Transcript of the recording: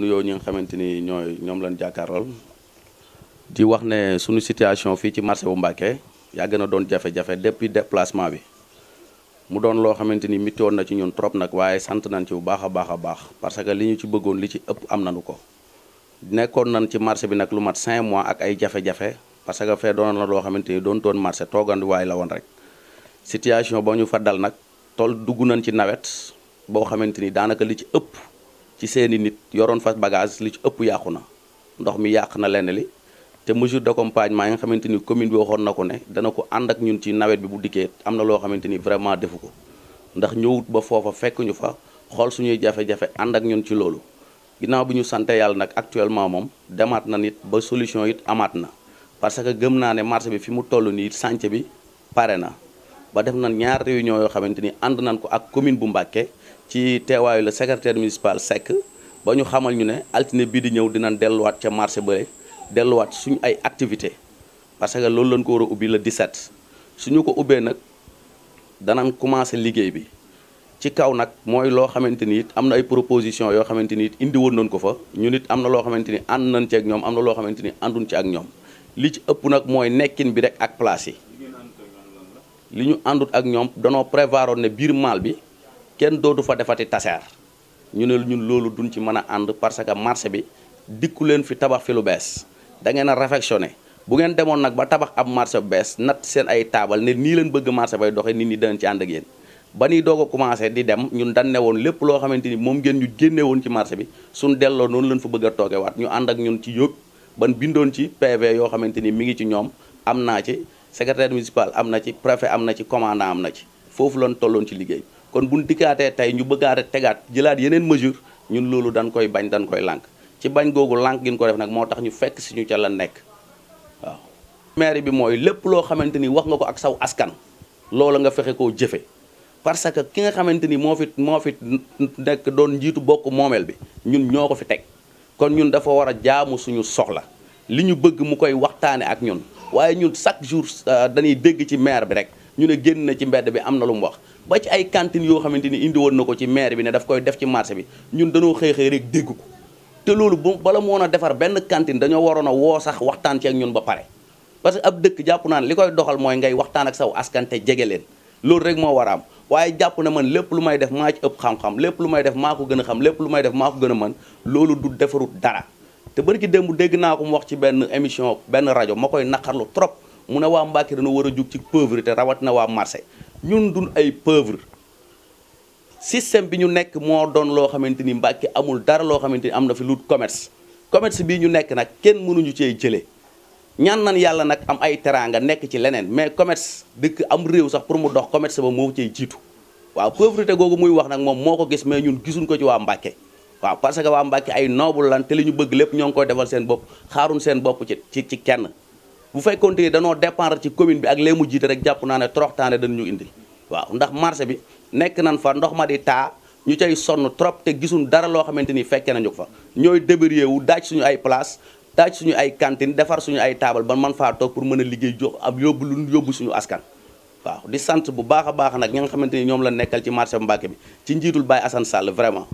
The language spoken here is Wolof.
nuyoo ñi nga xamante ni ñooy ñoom lañ jàkkaarlool di wax ne suñu situation fii ci marché bu Mbacké yàgg na doon jafe-jafe depuis déplacement bi mu doon loo xamante ni métti woon na ci ñun trop nag waaye sant nañ ci bu baax a baax a baax parce que li ñu ci bëggoon li ci ëpp am nañu ko nekkoon nan ci marché bi nag lu mat 5 mois ak ay jafe-jafe parce que fee doon na loo xamante ni doon toon marché toogandiwaay la woon rek situation ba ñu fa dal nag tool nawet li ci ëpp. ci seeni nit yoroon fas bagage li ci ëpp yàqu na ndox mi yàq na lenn li te mesure d'accompagnement yi nga xamante ni commune bi waxoon na ko ne dana ko ànd ak ñun ci nawet bi bu dikkee am na loo xamante ni defu ko ndax ñëwut ba foofa fekkuñu ñu fa xool suñuy jafe-jafe ànd ak ñun ci loolu ginnaaw bi ñu sante yàlla nag actuellement moom demaat na nit ba solution it amaat na parce que gëm naa ne marché bi fi mu toll nii chantier bi pare na ba def na ñaar réunion yoo xamante ni ànd nañ ko ak commune bu Mbàkke ci teewaayu la secretaire municipal Seck ba ñu xamal ñu ne altine bii di ñëw dinañ delluwaat ca marché bële delluwaat suñu ay activité parce que loolu lañ ko war a ubbi le 17 suñu ko ubbee nag danañ commencé liggéey bi ci kaw nag mooy loo xamante ni it am na ay proposition yoo xamante ni it indi woon nañ ko fa ñun it am na loo xamante ni ànd nañ ci ñoom am na loo xamante ni ànduñ ci ak ñoom li ci ëpp nag mooy nekkin bi rek ak place yi li ñu àndut ak ñoom danoo prévoiroon ne biir maal bi kenn dootu fa defati taseer ñu ne ñun loolu duñ ci mën a ànd parce que marché bi dikku leen fi tabax fi lu bees da ngeen a réfectionné bu ngeen demoon nag ba tabax ab marché bu bees natt seen ay taabal ne nii leen bëgg marché bay doxee nit ñi danañ ci ànd ak yéen ba ñuy doog a commencé di dem ñun dañ woon lépp loo xamante ni moom ngeen ñu génne ci marché bi suñ delloo noonu leen fa bëgg a toogewaat ñu ànd ak ñun ci yóg ban bindoon ci PV yoo xamante ni mi ngi ci ñoom am naa ci secrétaire municipal am na ci préfet am na ci commandant am na ci foofu lañ tolloon ci liggéey kon buñ dikkaatee tey ñu bëggaate tegaat jëlaat yeneen mesure ñun loolu dañ koy bañ dañ koy lànk ci bañ googu lànk gin ko def nag moo tax ñu fekk si ñu ca la nekk waaw maire bi mooy lépp loo xamante ni wax nga ko ak saw askan loola nga fexe koo jëfe parce que ki nga xamante ni moo fi moo fi nekk doon njiitu bokk moomeel bi ñun ñoo ko fi teg kon ñun dafa war a jaamu suñu soxla li ñu bëgg mu koy waxtaane ak ñun waaye ñun chaque jour euh, dañuy dégg ci maire bi rek ñu ne génn na ci mbedd bi am na lu mu wax ba ci ay cantines yoo xamante ni indi woon na ko ci maire bi ne daf koy def ci marché bi ñun dañoo xëy xëy rek dégg ko te loolu bu bala moon a defar benn cantine dañoo waroon a woo sax waxtaan ci ak ñun ba pare parce que ab dëkk jàpp naa ne li koy doxal mooy ngay waxtaan ak saw askan te jege leen loolu rek moo war a am waaye jàpp na man lépp lu may def maa ci ëpp xam-xam lépp lu may def maa ko gën a xam lépp lu may def maa ko gën a mën loolu du defarut dara te bari ki démb dégg naa ko mu wax ci benn émission benn rajo ma koy naqarlu trop mu ne waa Mbàkke dana war a jug ci rawat na waa marché ñun dun ay pauvre système bi ñu nekk moo doon loo xamante ni Mbàkke amul dara loo xamante ni am na fi lu commerce commerce bii ñu nekk nag kenn mënuñu cee jëlee ñaan nan yàlla nag am ay teraanga nekk ci leneen mais commerce dëkk am réew sax pour mu dox commerce ba moo cee jiitu waaw pauvreté googu muy wax nag moom moo ko gis mais ñun gisuñ ko ci waa Mbàkke waaw parce que waa Mbàkke ay noble lan te ñu bëgg lépp ñoo ngi koy defal seen bopp xaaruñ seen bopp ci ci ci kenn bu fekkoon te danoo dépendre ci commune bi ak lee mu jiite rek jàpp naa ne toroxtaane dañ ñu indi waaw ndax marché bi nekk nan fa ndox ma di taa ñu cay sonn trop te gisuñ dara loo xamante ni fekkee nañu fa ñooy débrouiller wu daaj suñu ay place daaj suñu ay cantine defar suñu ay taabal ba man faa toog pour mën a liggéey jox ab yóbbu lu yóbbu suñu askan waaw di sant bu baax a baax nag ñi nga xamante ni ñoom la nekkal ci marché bu Mbàkke bi ci njiitul Baye asan Sall vraiment